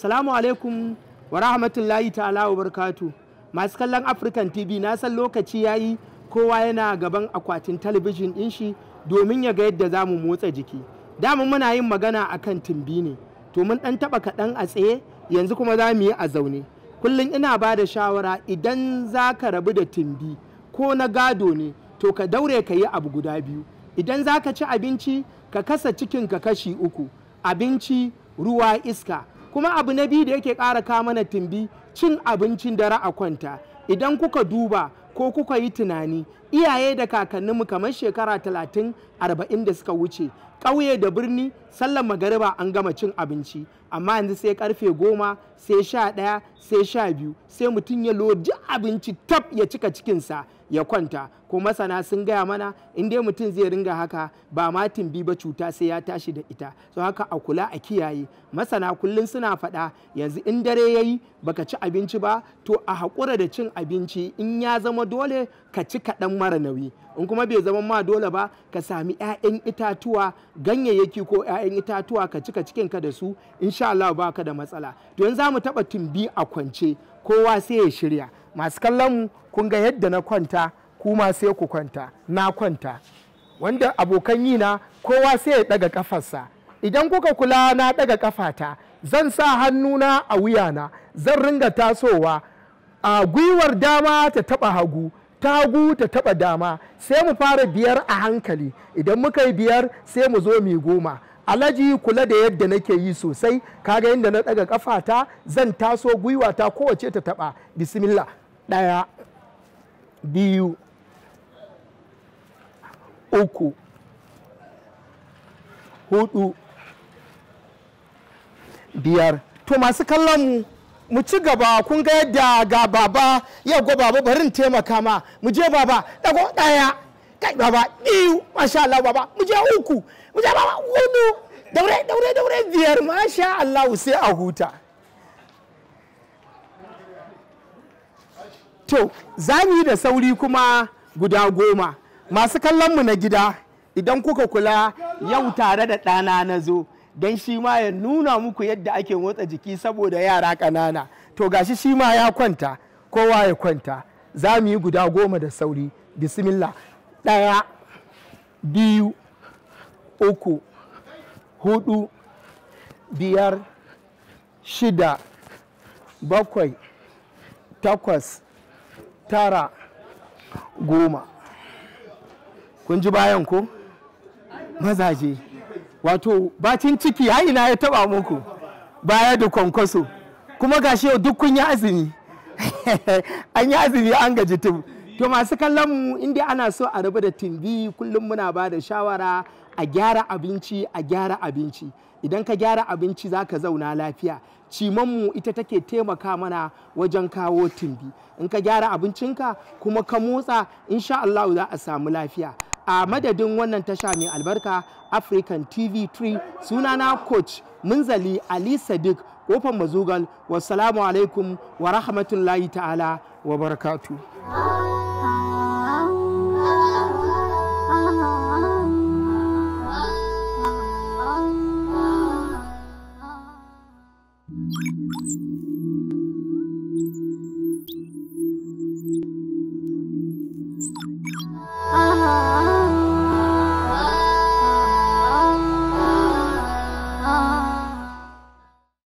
salamu alaikum wa rahmatullahi ta'ala wa barkatu masu kallon african tv na san lokaci ya yi kowa yana gaban akwatin talabijin ɗin shi domin ya ga yadda za mu motsa jiki damun muna yin magana a kan tumbi ne to mun ɗan taɓa kaɗan a tsaye yanzu kuma za mu yi a zaune kullum ina ba da shawara idan za ka rabu da tumbi ko na gado ne to ka daure ka yi abu guda biyu idan za ka ci abinci ka kasa cikin ka kashi uku abinci ruwa iska kuma abu na biyu da yake ƙara kama na tumbi cin abincin dare a kwanta idan kuka duba ko kuka yi tunani iyaye da kakanninmu kamar shekara talatin arba'in da suka wuce ƙauye da birni sallar magariba an gama cin abinci amma yanzu sai karfe goma sai sha ɗaya sai sha biyu sai mutum ya lodi abinci tab ya cika cikinsa ya kwanta ko masana sun gaya mana in dai mutum zai ringa haka ba ma bi ba cuta sai ya tashi da ita so haka a kula a kiyaye masana kullum suna faɗa yanzu in dare ya yi baka ci abinci ba to a haƙura da cin abinci in ya zama dole ka ci kaɗan mara nauyi in kuma bai zama ma dole ba ka sami 'ya'yan itatuwa ganyayyaki ko 'ya'yan itatuwa ka cika cikinka da su insha Allah ba ka da matsala to yanzu za mu taɓa tumbi a kwance kowa sai ya shirya masu kallon mu kun ga yadda na kwanta kuma sai ku kwanta na kwanta wanda abokan yi na kowa sai ya daga kafarsa idan kuka kula na daga kafata zan sa hannuna a wuyana zan ringa tasowa a gwiwar dama ta taba hagu ta hagu ta taba dama sai mu fara biyar a hankali idan muka yi biyar sai mu zo mu goma Alaji kula da yadda nake yi sosai kaga yadda na daga kafata zan taso gwiwa ta kowace ta taba bismillah ɗaya biyu uku hudu biyar to masu kallon mu ci gaba kun ga yadda ga baba yau go baba barin taimaka ma mu je baba dago ɗaya kai baba biyu masha Allah baba mu je uku mu je baba hudu daure daure daure biyar masha Allah sai a huta to za mu yi da sauri kuma guda goma masu kallon mu na gida idan kuka kula yau tare da ɗana na zo don shi ma ya nuna muku yadda ake motsa jiki saboda yara ƙanana to gashi shi ma ya kwanta kowa ya kwanta za mu yi guda goma da sauri bismillah ɗaya biyu uku hudu biyar shida bakwai takwas tara goma kun ji bayan ko mazaje wato bacin ciki ina ya taba muku baya da kwankwaso kuma gashi yau duk kun yi azumi an yi azumi an gaji tun to masu kallon mu inda ana so a rabu da tumbi kullum muna ba da shawara a gyara abinci a gyara abinci idan ka gyara abinci za ka zauna lafiya cimanmu ita take taimaka mana wajen kawo tumbi in ka gyara abincinka kuma ka motsa insha Allah za a samu lafiya a madadin wannan tasha mai albarka african tv 3 sunana coach munzali ali sadiq kofar mazugal wassalamu alaikum wa rahmatullahi ta'ala wa barakatu. うん。